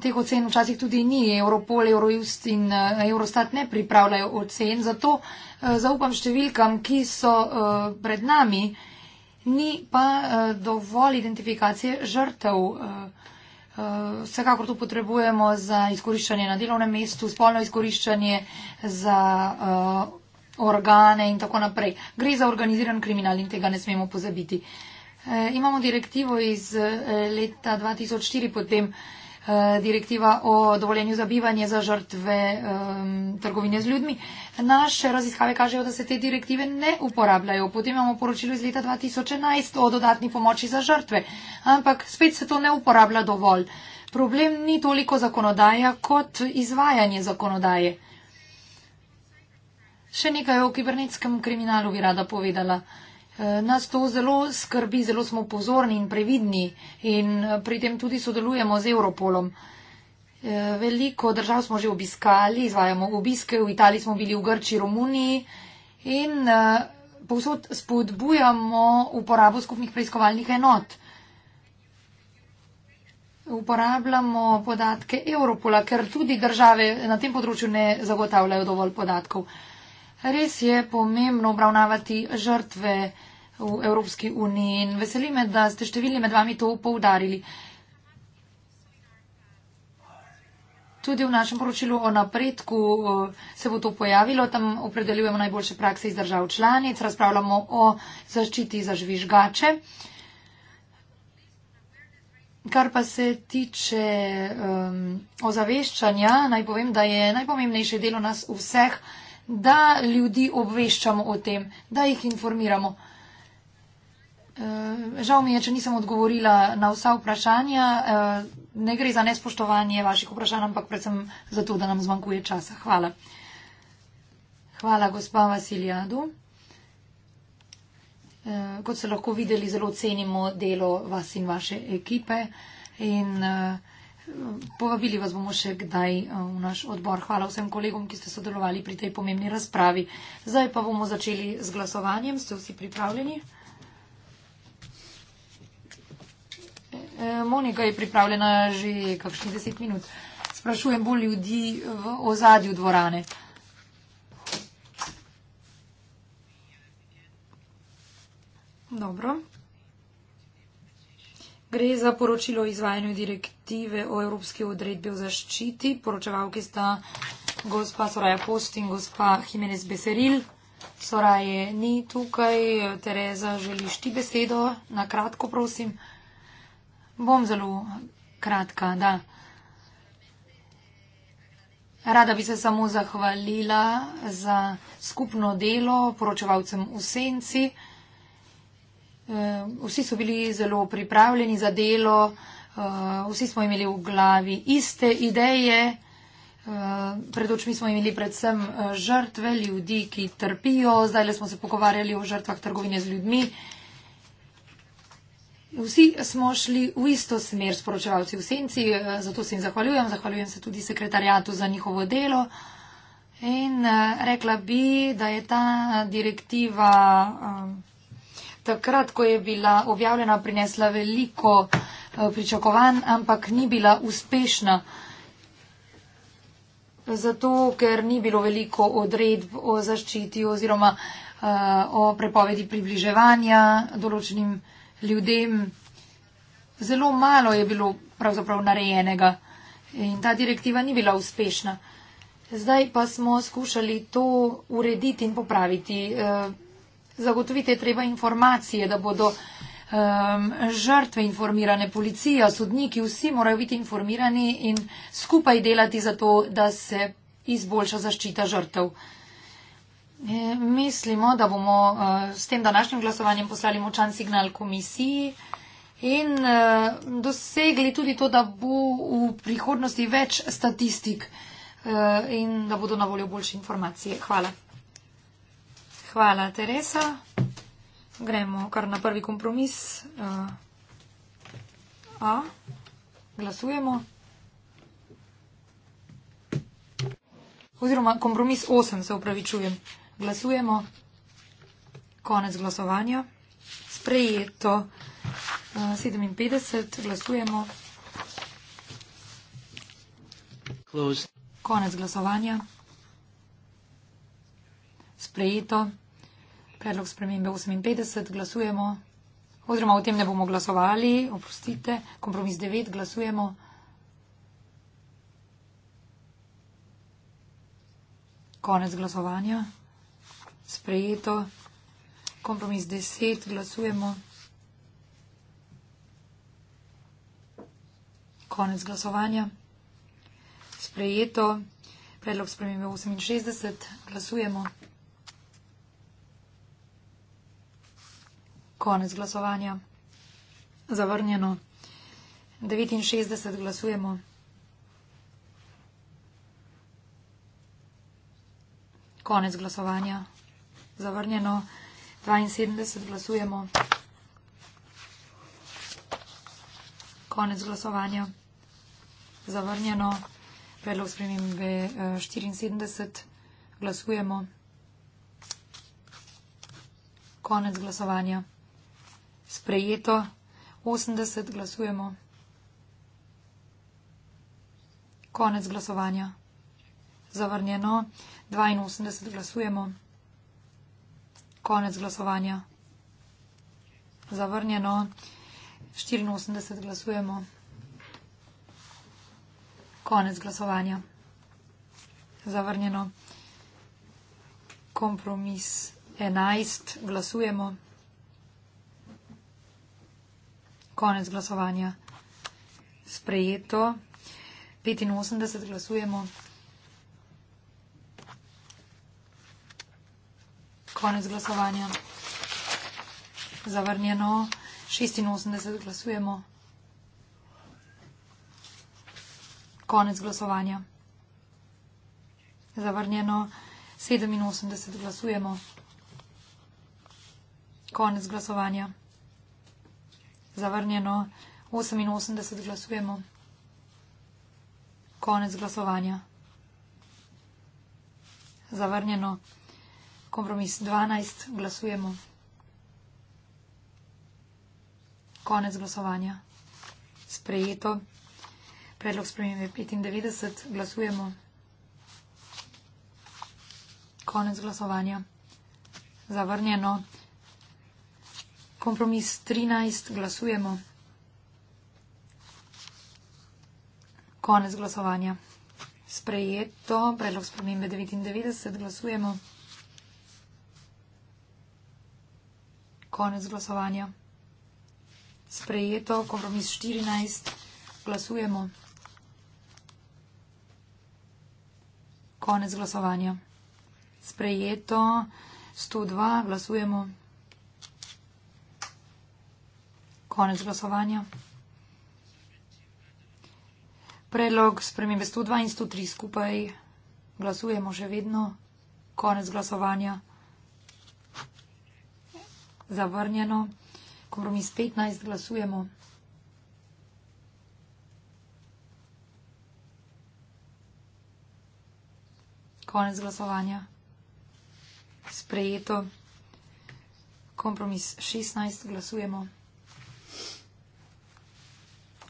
teh ocen včasih tudi ni. Europol, Eurojust in Eurostat ne pripravljajo ocen, zato zaupam številkam, ki so pred nami. Ni pa dovolj identifikacije žrtev. Vsekakor to potrebujemo za izkoriščanje na delovnem mestu, spolno izkoriščanje za eh, organe in tako naprej. Gre za organiziran kriminal in tega ne smemo pozabiti. Eh, imamo direktivo iz eh, leta 2004 potem. Eh, direktiva o dovoljenju za bivanje za žrtve um, trgovine z ljudmi. Naše raziskave kažejo, da se te direktive ne uporabljajo. Potem imamo poročilo iz leta 2011 o dodatni pomoči za žrtve, ampak spet se to ne uporablja dovolj. Problem ni toliko zakonodaja kot izvajanje zakonodaje. Še nekaj o kibernetskem kriminalu bi rada povedala. Eh, nas to zelo skrbi, zelo smo pozorni in previdni in eh, pri tem tudi sodelujemo z Europolom. Eh, veliko držav smo že obiskali, izvajamo obiske, v Italiji smo bili v Grči, Romuniji in povsod spodbujamo uporabo skupnih preiskovalnih enot. Uporabljamo podatke Europola, ker tudi države na tem področju ne zagotavljajo dovolj podatkov. Res je pomembno obravnavati žrtve v Evropski uniji in veseli me, da ste številni med vami to poudarili. Tudi v našem poročilu o napredku se bo to pojavilo, tam opredeljujemo najboljše prakse iz držav članic, razpravljamo o zaščiti za žvižgače. Kar pa se tiče um, ozaveščanja, naj povem, da je najpomembnejše delo nas vseh, da ljudi obveščamo o tem, da jih informiramo. Eh, žal mi je, če nisem odgovorila na vsa vprašanja. Eh, ne gre za nespoštovanje vaših vprašanj, ampak predvsem za to, da nam zmanjkuje časa. Hvala. Hvala, gospa Vasiljadu. Eh, kot ste lahko videli, zelo cenimo delo vas in vaše ekipe in povabili vas bomo še kdaj v naš odbor. Hvala vsem kolegom, ki ste sodelovali pri tej pomembni razpravi. Zdaj pa bomo začeli z glasovanjem. Ste vsi pripravljeni? Monika je pripravljena že kakšnih deset minut. Sprašujem bolj ljudi v ozadju dvorane. Dobro. Gre za poročilo o izvajanju direktive o Evropski odredbi o zaščiti. Poročevalki sta gospa Soraja Post in gospa Jimenez Beseril. Soraje ni tukaj. Tereza, želiš ti besedo? Na kratko, prosim. Bom zelo kratka, da. Rada bi se samo zahvalila za skupno delo poročevalcem v senci. E, vsi so bili zelo pripravljeni za delo, e, vsi smo imeli v glavi iste ideje, e, pred očmi smo imeli predvsem žrtve, ljudi, ki trpijo, zdaj le smo se pogovarjali o žrtvah trgovine z ljudmi. Vsi smo šli v isto smer s poročevalci v senci, eh, zato se jim zahvaljujem. Zahvaljujem se tudi sekretarijatu za njihovo delo. In eh, rekla bi, da je ta direktiva eh, takrat, ko je bila objavljena, prinesla veliko pričakovanj, ampak ni bila uspešna. Zato, ker ni bilo veliko odredb o zaščiti oziroma o prepovedi približevanja določenim ljudem. Zelo malo je bilo pravzaprav narejenega in ta direktiva ni bila uspešna. Zdaj pa smo skušali to urediti in popraviti. Eh, zagotoviti je treba informacije, da bodo ehm, žrtve informirane, policija, sodniki, vsi morajo biti informirani in skupaj delati za to, da se izboljša zaščita žrtev. E, mislimo, da bomo e, s tem današnjim glasovanjem poslali močan signal komisiji in e, dosegli tudi to, da bo v prihodnosti več statistik in da bodo na voljo boljše informacije. Hvala. Hvala, Teresa. Gremo kar na prvi kompromis. A, glasujemo. Oziroma kompromis 8, se upravičujem. Glasujemo. Konec glasovanja. Sprejeto. 57. Eh, Glasujemo. Close. Konec glasovanja. Sprejeto. Predlog spremembe 58. Glasujemo. Oziroma o tem ne bomo glasovali. Oprostite. Kompromis 9. Glasujemo. Konec glasovanja sprejeto. Kompromis 10, glasujemo. Konec glasovanja. Sprejeto. Predlog spremembe 68, glasujemo. Konec glasovanja. Zavrnjeno. 69, glasujemo. Konec glasovanja zavrnjeno 72 glasujemo. Konec glasovanja. Zavrnjeno. Predlog spremembe 74 eh, glasujemo. Konec glasovanja. Sprejeto. 80 glasujemo. Konec glasovanja. Zavrnjeno. 82 glasujemo. Konec glasovanja. Zavrnjeno. 84 glasujemo. Konec glasovanja. Zavrnjeno. Kompromis 11 glasujemo. Konec glasovanja. Sprejeto. 85 glasujemo. Konec glasovanja. Zavrnjeno. 86 glasujemo. Konec glasovanja. Zavrnjeno. 87 glasujemo. Konec glasovanja. Zavrnjeno. 88 glasujemo. Konec glasovanja. Zavrnjeno kompromis 12 glasujemo. Konec glasovanja. Sprejeto. Predlog spremembe 95 glasujemo. Konec glasovanja. Zavrnjeno. Kompromis 13 glasujemo. Konec glasovanja. Sprejeto. Predlog spremembe 99 glasujemo. konec glasovanja. Sprejeto, kompromis 14, glasujemo. Konec glasovanja. Sprejeto, 102, glasujemo. Konec glasovanja. Predlog spremembe 102 in 103 skupaj. Glasujemo še vedno. Konec glasovanja zavrnjeno. Kvorum iz 15 glasujemo. Konec glasovanja. Sprejeto. Kompromis 16 glasujemo.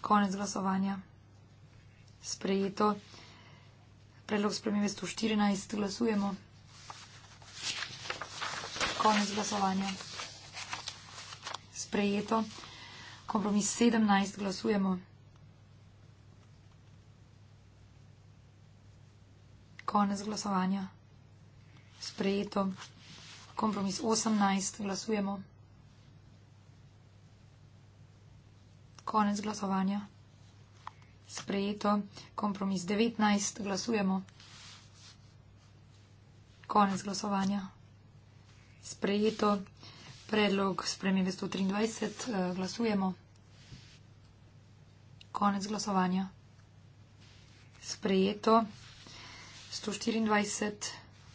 Konec glasovanja. Sprejeto. Predlog spremembe 114 glasujemo. Konec glasovanja sprejeto. Kompromis 17 glasujemo. Konec glasovanja. Sprejeto. Kompromis 18 glasujemo. Konec glasovanja. Sprejeto. Kompromis 19 glasujemo. Konec glasovanja. Sprejeto predlog spremembe 123 eh, glasujemo. Konec glasovanja. Sprejeto 124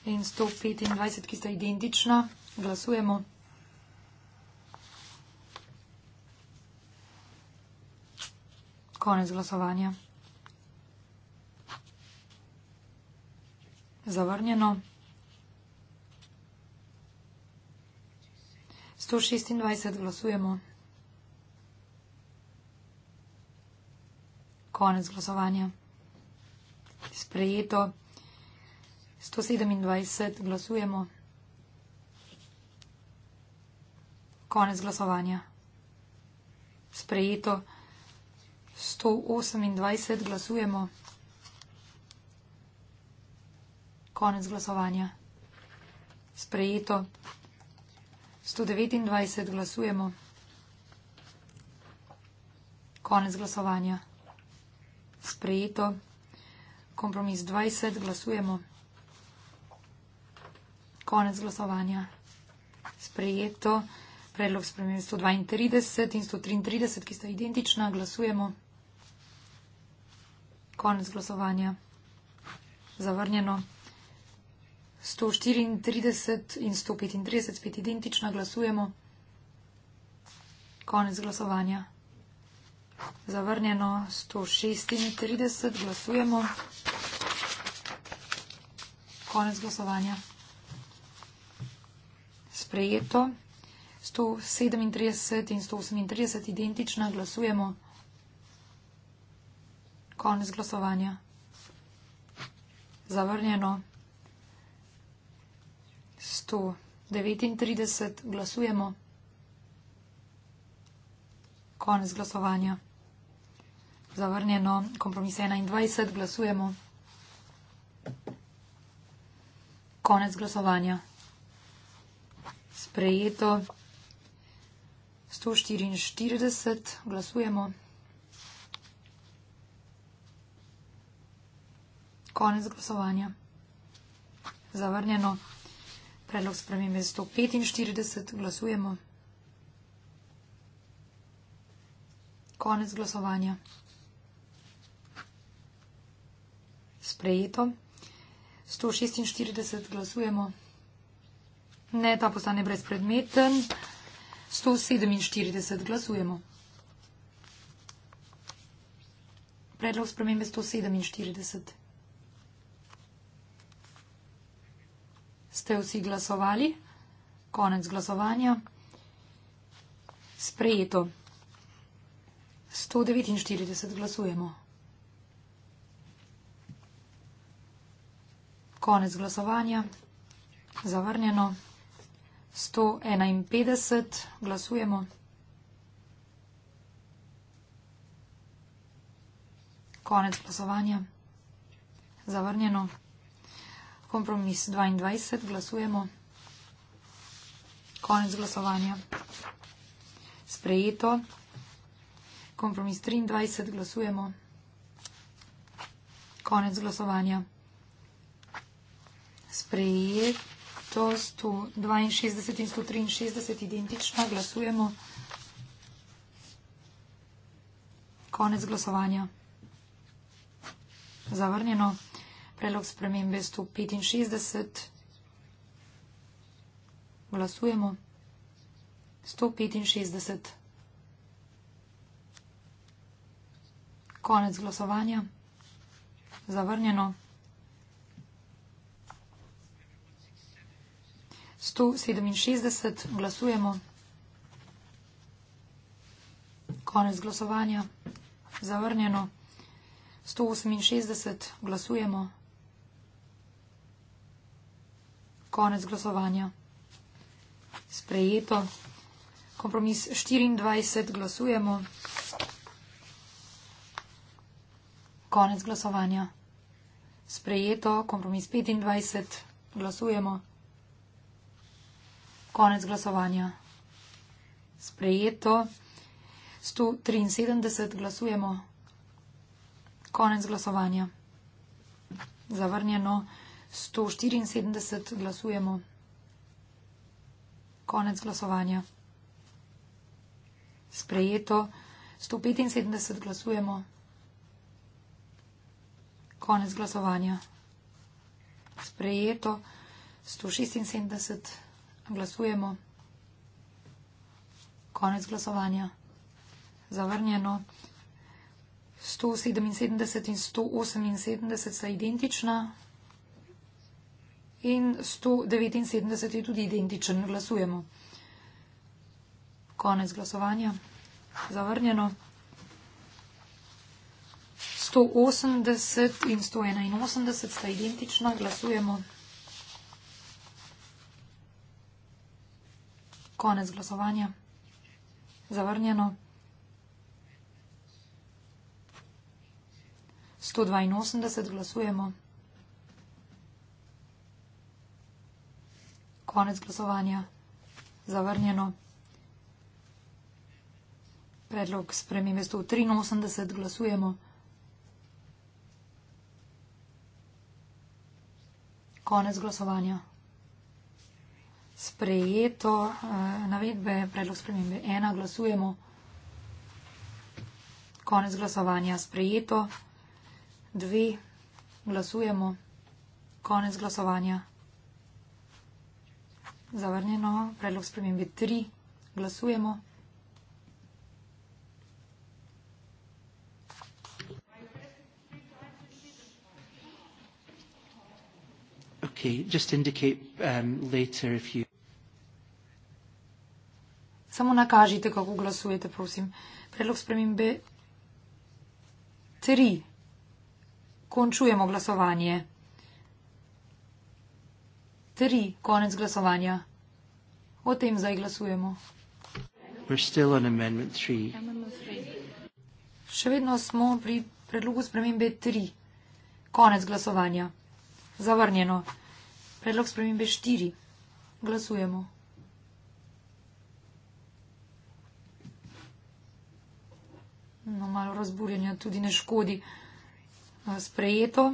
in 125, ki sta identična, glasujemo. Konec glasovanja. Zavrnjeno. 126 glasujemo. Konec glasovanja. Sprejeto. 127 glasujemo. Konec glasovanja. Sprejeto. 128 glasujemo. Konec glasovanja. Sprejeto. 129 glasujemo. Konec glasovanja. Sprejeto. Kompromis 20 glasujemo. Konec glasovanja. Sprejeto. Predlog spremenil 132 in 133, ki sta identična. Glasujemo. Konec glasovanja. Zavrnjeno. 134 in 135 spet identično glasujemo. Konec glasovanja. Zavrnjeno 136 glasujemo. Konec glasovanja. Sprejeto. 137 in 138 identično glasujemo. Konec glasovanja. Zavrnjeno 136. 139 glasujemo. Konec glasovanja. Zavrnjeno. Kompromis 21 glasujemo. Konec glasovanja. Sprejeto. 144 glasujemo. Konec glasovanja. Zavrnjeno. Predlog spremembe 145. Glasujemo. Konec glasovanja. Sprejeto. 146. Glasujemo. Ne, ta postane brezpredmeten. 147. Glasujemo. Predlog spremembe 147. ste vsi glasovali. Konec glasovanja. Sprejeto. 149 glasujemo. Konec glasovanja. Zavrnjeno. 151 glasujemo. Konec glasovanja. Zavrnjeno. Kompromis 22, glasujemo. Konec glasovanja. Sprejeto. Kompromis 23, glasujemo. Konec glasovanja. Sprejeto 162 in 163 identično, glasujemo. Konec glasovanja. Zavrnjeno. Predlog spremembe 165. Glasujemo. 165. Konec glasovanja. Zavrnjeno. 167. Glasujemo. Konec glasovanja. Zavrnjeno. 168. Glasujemo. Konec glasovanja. Sprejeto. Kompromis 24 glasujemo. Konec glasovanja. Sprejeto. Kompromis 25 glasujemo. Konec glasovanja. Sprejeto. 173 glasujemo. Konec glasovanja. Zavrnjeno. 174 glasujemo. Konec glasovanja. Sprejeto. 175 glasujemo. Konec glasovanja. Sprejeto. 176 glasujemo. Konec glasovanja. Zavrnjeno. 177 in 178 sta identična in 179 je tudi identičen, glasujemo. Konec glasovanja. Zavrnjeno. 180 in 181 sta identična, glasujemo. Konec glasovanja. Zavrnjeno. 182 glasujemo. Konec glasovanja. Zavrnjeno. Predlog spremembe 183 glasujemo. Konec glasovanja. Sprejeto eh, navedbe, predlog spremembe 1 glasujemo. Konec glasovanja. Sprejeto 2 glasujemo. Konec glasovanja. Zavrnjeno. Predlog spremembe 3. Glasujemo. Um, Samo nakažite, kako glasujete, prosim. Predlog spremembe 3. Končujemo glasovanje. 3, konec glasovanja. O tem zdaj glasujemo. Še vedno smo pri predlogu spremembe 3, konec glasovanja. Zavrnjeno. Predlog spremembe 4, glasujemo. No, malo razburjenja tudi ne škodi. Sprejeto.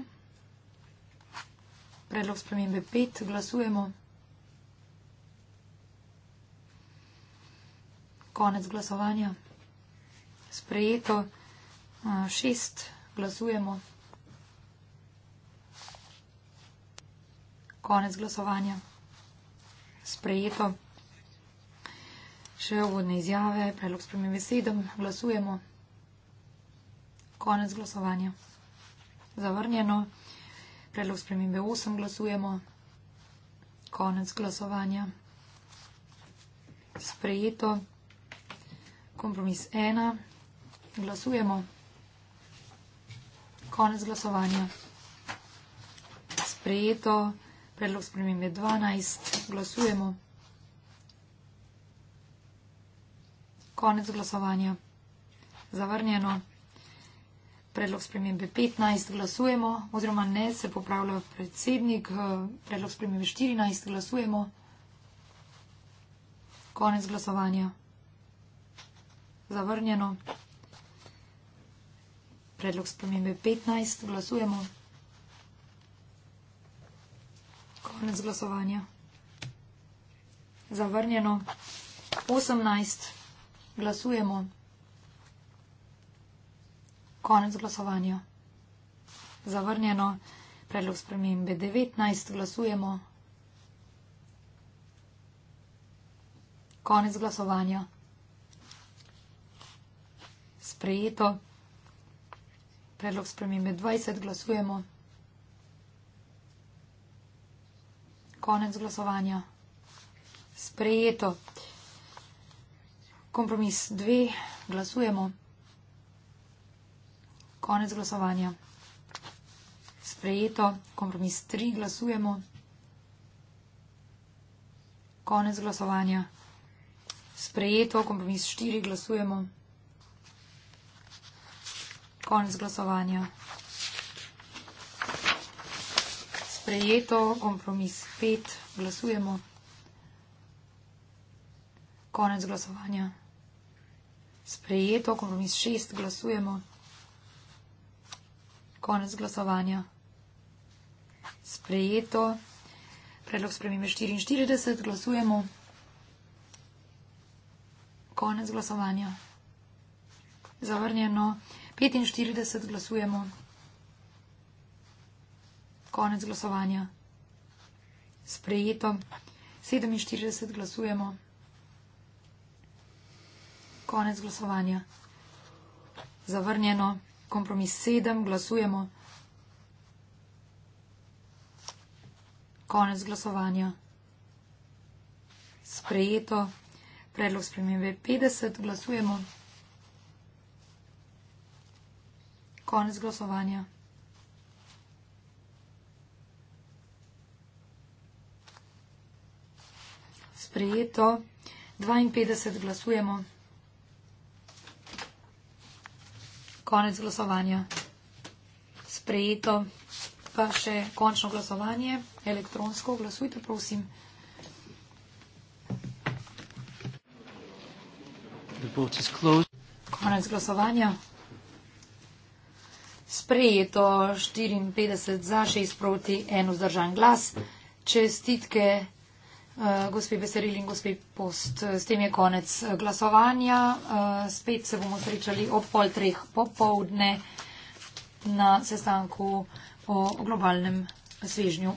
Predlog spremembe 5. Glasujemo. Konec glasovanja. Sprejeto. 6. Glasujemo. Konec glasovanja. Sprejeto. Še uvodne izjave. Predlog spremembe 7. Glasujemo. Konec glasovanja. Zavrnjeno. Predlog spremembe 8 glasujemo. Konec glasovanja. Sprejeto. Kompromis 1. Glasujemo. Konec glasovanja. Sprejeto. Predlog spremembe 12. Glasujemo. Konec glasovanja. Zavrnjeno predlog spremembe 15 glasujemo, oziroma ne, se popravlja predsednik, eh, predlog spremembe 14 glasujemo. Konec glasovanja. Zavrnjeno. Predlog spremembe 15 glasujemo. Konec glasovanja. Zavrnjeno. 18 glasujemo. Konec glasovanja. Zavrnjeno predlog spremembe 19. Glasujemo. Konec glasovanja. Sprejeto. Predlog spremembe 20. Glasujemo. Konec glasovanja. Sprejeto. Kompromis 2. Glasujemo konec glasovanja. Sprejeto, kompromis 3 glasujemo. Konec glasovanja. Sprejeto, kompromis 4 glasujemo. Konec glasovanja. Sprejeto, kompromis 5 glasujemo. Konec glasovanja. Sprejeto, kompromis 6 glasujemo konec glasovanja. Sprejeto. Predlog spremembe 44. Glasujemo. Konec glasovanja. Zavrnjeno. 45. Glasujemo. Konec glasovanja. Sprejeto. 47. Glasujemo. Konec glasovanja. Zavrnjeno kompromis sedem, glasujemo. Konec glasovanja. Sprejeto. Predlog spremembe 50. Glasujemo. Konec glasovanja. Sprejeto. 52. Glasujemo. konec glasovanja. Sprejeto pa še končno glasovanje, elektronsko. Glasujte, prosim. Konec glasovanja. Sprejeto 54 za, 6 proti, 1 vzdržan glas. Čestitke. Eh, gospe Veseril in gospe Post. Eh, s tem je konec eh, glasovanja. Spet se bomo srečali ob pol treh popovdne na sestanku o globalnem svežnju.